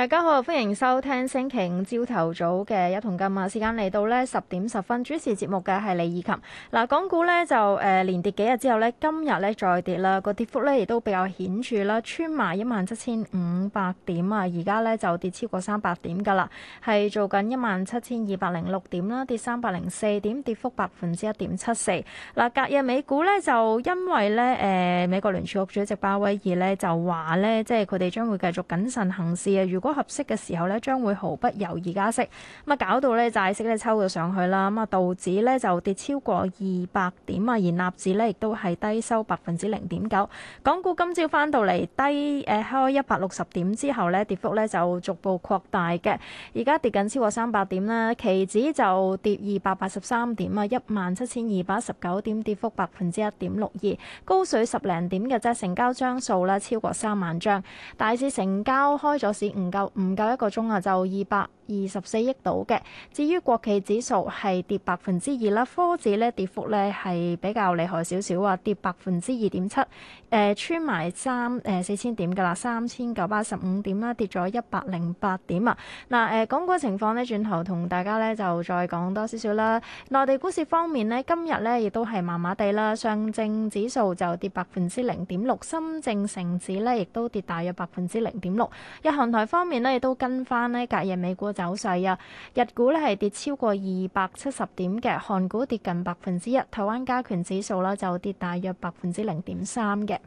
大家好，歡迎收聽星期五朝頭早嘅一同金啊，時間嚟到呢十點十分，主持節目嘅係李以琴。嗱，港股呢，就誒連跌幾日之後咧，今日呢再跌啦，個跌幅呢，亦都比較顯著啦，穿埋一萬七千五百點啊，而家呢就跌超過三百點噶啦，係做緊一萬七千二百零六點啦，跌三百零四點，跌幅百分之一點七四。嗱，隔日美股呢，就因為呢誒、呃、美國聯儲局主席鮑威爾呢，就話呢，即係佢哋將會繼續謹慎行事啊，如果合適嘅時候呢，將會毫不猶豫加息，咁啊搞到呢債息呢，抽咗上去啦，咁啊道指呢，就跌超過二百點啊，而納指呢，亦都係低收百分之零點九。港股今朝翻到嚟低誒、呃、開一百六十點之後呢，跌幅呢就逐步擴大嘅，而家跌緊超過三百點啦，期指就跌二百八十三點啊，一萬七千二百一十九點，跌幅百分之一點六二，高水十零點嘅啫，成交張數呢超過三萬張，大市成交開咗市五唔夠一個鐘啊，就二百二十四億度嘅。至於國企指數係跌百分之二啦，科指咧跌幅咧係比較厲害少少啊，跌百分之二點七。誒、呃、穿埋三誒四千點㗎啦，三千九百十五點啦，跌咗一百零八點啊。嗱，誒，港股情況咧，轉頭同大家咧就再講多少少啦。內地股市方面呢，今日咧亦都係麻麻地啦，上證指數就跌百分之零點六，深證成指咧亦都跌大約百分之零點六。日韓台方面咧亦都跟翻呢隔夜美股走勢啊，日股咧係跌超過二百七十點嘅，韓股跌近百分之一，台灣加權指數咧就跌大約百分之零點三嘅。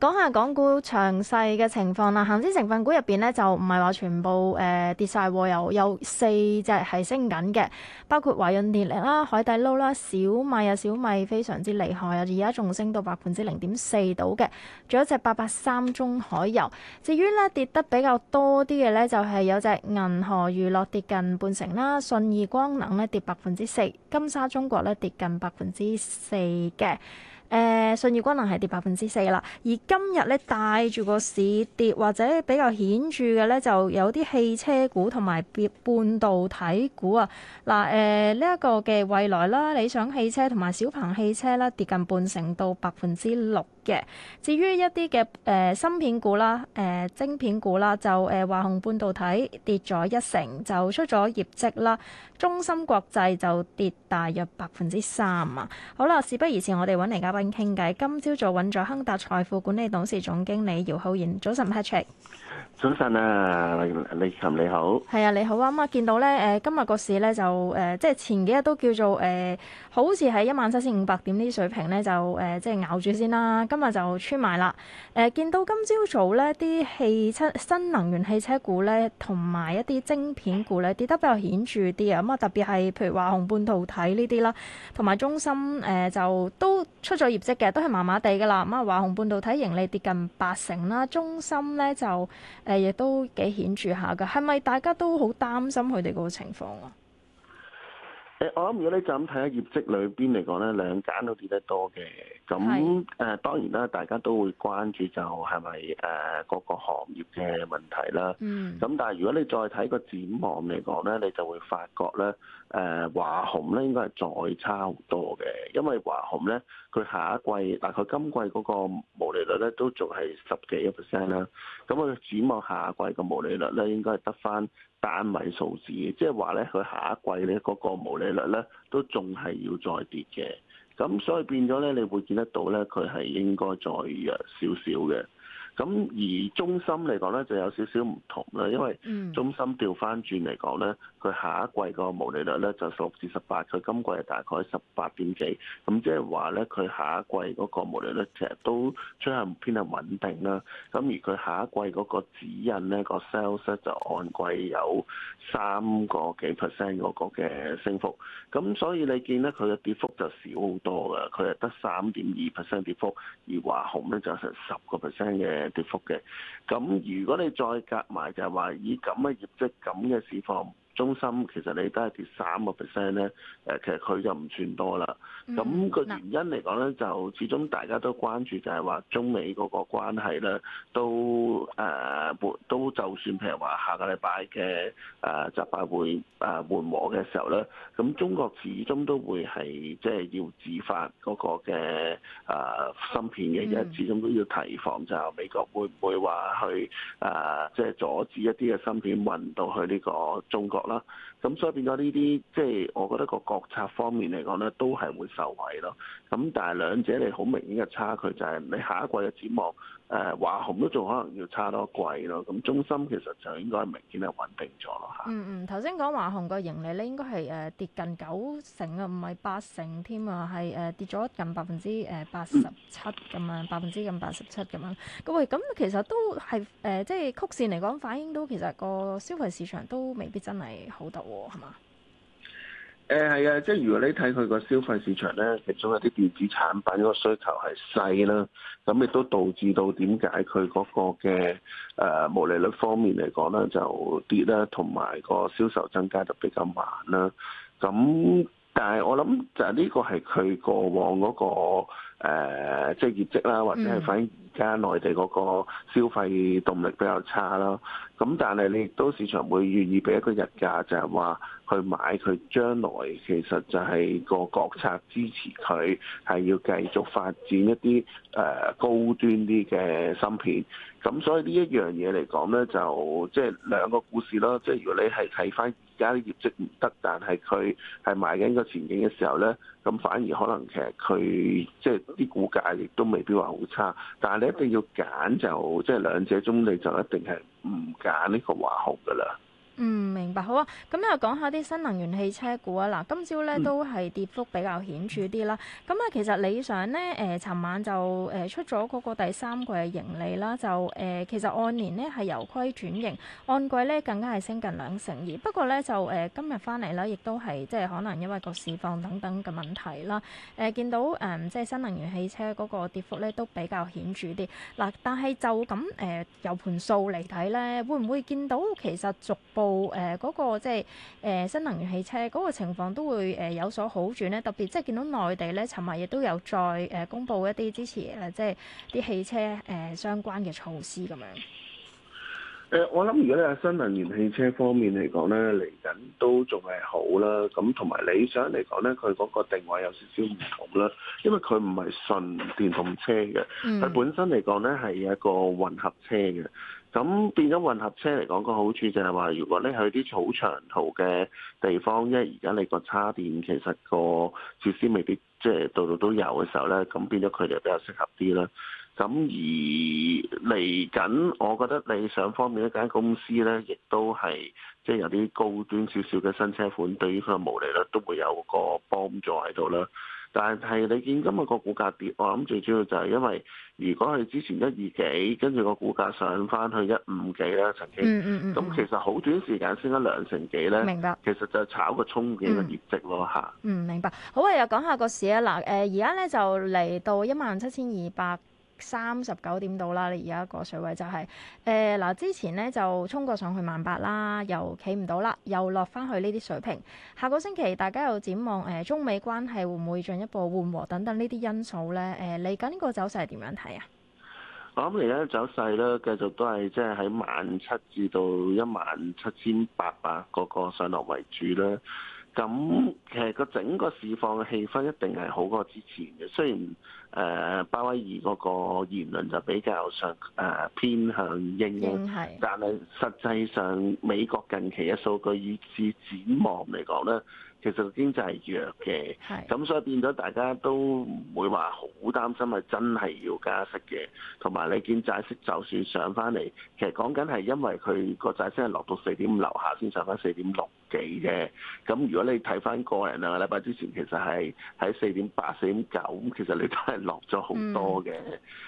講下港股詳細嘅情況啦，恒指成分股入邊咧就唔係話全部誒、呃、跌晒喎，有有四隻係升緊嘅，包括華潤電力啦、海底撈啦、小米啊，小米非常之厲害啊，而家仲升到百分之零點四到嘅，仲有一隻八八三中海油。至於咧跌得比較多啲嘅咧，就係有隻銀河娛樂跌近半成啦，信義光能咧跌百分之四。金沙中國咧跌近百分之四嘅，誒信義光能係跌百分之四啦。而今日咧帶住個市跌，或者比較顯著嘅咧就有啲汽車股同埋半導體股啊。嗱、呃，誒呢一個嘅蔚來啦，理想汽車同埋小鵬汽車啦跌近半成到百分之六。嘅，yeah。至於一啲嘅誒芯片股啦、誒、呃、晶片股啦，就誒、呃、華虹半導體跌咗一成，就出咗業績啦。中芯國際就跌大約百分之三啊。好啦，事不宜遲，我哋揾嚟嘉賓傾偈。今朝早揾咗亨達財富管理董事總經理姚浩然。早晨，Patrick。早晨啊，李琴你好。係啊，你好啊。咁啊，見到咧，誒今日個市咧就誒，即係前幾日都叫做誒，好似係一萬七千五百點呢啲水平咧就誒，即係咬住先啦。今日就穿埋啦。誒，見到今朝、呃呃呃呃、早咧啲汽車、新能源汽車股咧，同埋一啲晶片股咧跌得比較顯著啲啊。咁啊，特別係譬如華虹半導體呢啲啦，同埋中芯誒、呃、就都出咗業績嘅，都係麻麻地㗎啦。咁啊，華虹半導體盈利跌近八成啦，中芯咧就，呃誒亦都幾顯著下㗎，係咪大家都好擔心佢哋嗰個情況啊？誒，我諗如果你就咁睇下業績裏邊嚟講咧，兩間都跌得多嘅。咁誒是、呃，當然啦，大家都會關注就係咪誒各個行業嘅問題啦。咁、嗯、但係如果你再睇個展望嚟講咧，你就會發覺咧，誒華虹咧應該係再差好多嘅，因為華虹咧佢下一季，大、呃、概今季嗰個毛利率咧都仲係十幾 percent 啦。咁佢展望下一季嘅毛利率咧，應該係得返，單位數字，即係話咧，佢下一季咧嗰個毛利率咧，都仲係要再跌嘅，咁所以變咗咧，你會見得到咧，佢係應該再弱少少嘅。咁而中心嚟講咧，就有少少唔同啦，因為中心調翻轉嚟講咧，佢下一季個毛利率咧就十六至十八，佢今季係大概十八點幾，咁即係話咧，佢下一季嗰個毛利率其實都趨向偏向穩定啦。咁而佢下一季嗰個指引咧，個 sales 就按季有三個幾 percent 嗰個嘅升幅，咁所以你見咧，佢嘅跌幅就少好多噶，佢係得三點二 percent 跌幅，而華虹咧就成十個 percent 嘅，跌幅嘅，咁如果你再夾埋就係話以咁嘅業績，咁嘅市況。中心其實你都係跌三個 percent 咧，誒，其實佢就唔算多啦。咁、嗯、個原因嚟講咧，就始終大家都關注就係話中美嗰個關係咧，都誒、呃、都就算譬如話下個禮拜嘅誒、呃、習拜會、呃、緩和嘅時候咧，咁中國始終都會係即係要指發嗰個嘅誒、呃、芯片嘅，因為始終都要提防就美國會唔會話去誒即係阻止一啲嘅芯片運到去呢個中國。啦，咁所以變咗呢啲，即係我覺得個國策方面嚟講咧，都係會受惠咯。咁但係兩者你好明顯嘅差距就係你下一季嘅展望。誒、嗯、華虹都仲可能要差多貴咯，咁中心其實就應該明顯係穩定咗咯嚇。嗯嗯，頭先講華虹個盈利咧，應該係誒跌近九成啊，唔係八成添啊，係誒跌咗近百分之誒八十七咁樣，百分之近八十七咁樣。咁喂，咁其實都係誒、呃，即係曲線嚟講反映到其實個消費市場都未必真係好得喎，係嘛？誒係啊，即係如果你睇佢個消費市場咧，其中有啲電子產品個需求係細啦，咁亦都導致到點解佢嗰個嘅誒毛利率方面嚟講咧就跌啦，同埋個銷售增加就比較慢啦，咁。但係我諗就係呢個係佢過往嗰，那個即係業績啦，或者係反映而家內地嗰個消費動力比較差啦。咁但係你亦都市場會願意俾一個日價就，就係話去買佢將來其實就係個國策支持佢係要繼續發展一啲誒、呃、高端啲嘅芯片。咁所以呢一樣嘢嚟講咧，就即係、就是、兩個故事啦。即、就、係、是、如果你係睇返。而家啲業績唔得，但係佢係賣緊個前景嘅時候呢，咁反而可能其實佢即係啲股價亦都未必話好差。但係你一定要揀就即係、就是、兩者中，你就一定係唔揀呢個華虹㗎啦。嗯，明白，好啊。咁又講下啲新能源汽車股啊，嗱，今朝咧、嗯、都係跌幅比較顯著啲啦。咁啊，其實理想呢，誒、呃，尋晚就誒、呃、出咗嗰個第三季嘅盈利啦，就誒、呃，其實按年呢係由虧轉盈，按季咧更加係升近兩成二。不過咧就誒、呃、今日翻嚟啦，亦都係即係可能因為個市況等等嘅問題啦，誒、呃、見到誒、呃、即係新能源汽車嗰個跌幅咧都比較顯著啲。嗱，但係就咁誒、呃、由盤數嚟睇咧，會唔會見到其實逐步？部誒嗰個即係誒新能源汽車嗰個情況都會誒有所好轉咧，特別即係見到內地咧，尋日亦都有再誒公布一啲支持誒，即係啲汽車誒相關嘅措施咁樣。誒，我諗而家咧新能源汽車方面嚟講咧，嚟緊都仲係好啦。咁同埋理想嚟講咧，佢嗰個定位有少少唔同啦，因為佢唔係純電動車嘅，佢本身嚟講咧係一個混合車嘅。咁變咗混合車嚟講個好處就係話，如果你去啲好長途嘅地方，因為而家你個叉電其實個設施未必即係度度都有嘅時候咧，咁變咗佢就比較適合啲啦。咁而嚟緊，我覺得理想方面一間公司咧，亦都係即係有啲高端少少嘅新車款，對於佢嘅毛利率都會有個幫助喺度啦。但係你見今日個股價跌，我諗最主要就係因為如果係之前一二幾，跟住個股價上翻去一五幾啦，曾經，咁、嗯嗯嗯嗯、其實好短時間升咗兩成幾咧，明白其實就炒個憧憬嘅業績咯嚇。嗯，下嗯，明白。好啊，又講下個市啊，嗱，誒而家咧就嚟到一萬七千二百。三十九點到啦，你而家個水位就係誒嗱，之前呢，就衝過上去萬八啦，又企唔到啦，又落翻去呢啲水平。下個星期大家又展望誒、呃、中美關係會唔會進一步緩和等等呢啲因素呢？誒、呃，嚟緊個走勢點樣睇啊？我諗嚟緊走勢咧，繼續都係即係喺萬七至到一萬七千八百嗰個上落為主啦。咁其實個整個市況嘅氣氛一定係好過之前嘅，雖然。誒鮑、呃、威爾嗰個言論就比較上誒、呃、偏向應應係，嗯、但係實際上美國近期嘅數據以至展望嚟講咧，其實經濟弱嘅，咁是所以變咗大家都唔會話好擔心係真係要加息嘅。同埋你見債息就算上翻嚟，其實講緊係因為佢個債息係落到四點五樓下先上翻四點六幾嘅。咁如果你睇翻個人啊，禮拜之前其實係喺四點八四點九，咁其實你都係。落咗好多嘅，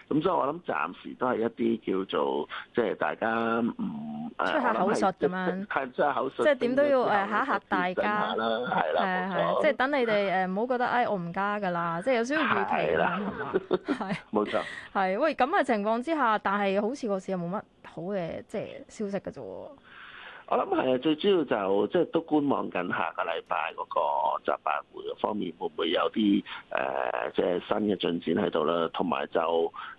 咁所以我諗暫時都係一啲叫做即係大家唔誒，即係口術咁樣，即係點都要嚇一嚇大家，係啦，係啊係啊，即係等你哋誒唔好覺得誒我唔加㗎啦，即係有少少預期啦，係冇錯，係喂咁嘅情況之下，但係好似個市又冇乜好嘅即係消息㗎啫喎。我諗係啊，最主要就即係都觀望緊下個禮拜嗰個習辦會方面會唔會有啲誒，即、呃、係新嘅進展喺度啦，同埋就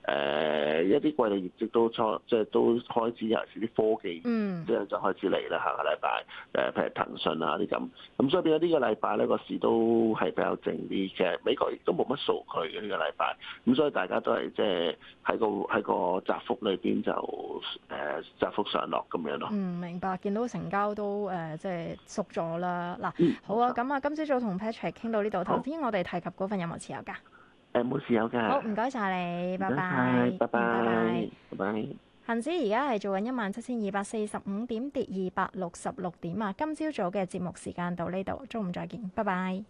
誒。一啲季度業績都開始，即係都開始尤其是啲科技，啲人就開始嚟啦。下個禮拜，誒，譬如騰訊啊啲咁，咁所以變咗呢個禮拜咧個市都係比較靜啲嘅。美國亦都冇乜數據嘅呢、這個禮拜，咁所以大家都係即係喺個喺個窄幅裏邊就誒窄幅上落咁樣咯。嗯，明白。見到成交都誒、呃、即係縮咗啦。嗱，好啊。咁啊、嗯，今朝早同 Patrick 傾到呢度。頭好先我哋提及嗰份有冇持有㗎？誒，冇事有嘅。好，唔該晒你，拜拜。係，拜拜，拜拜。恒指而家係做緊一萬七千二百四十五點，跌二百六十六點啊！今朝早嘅節目時間到呢度，中午再見，拜拜。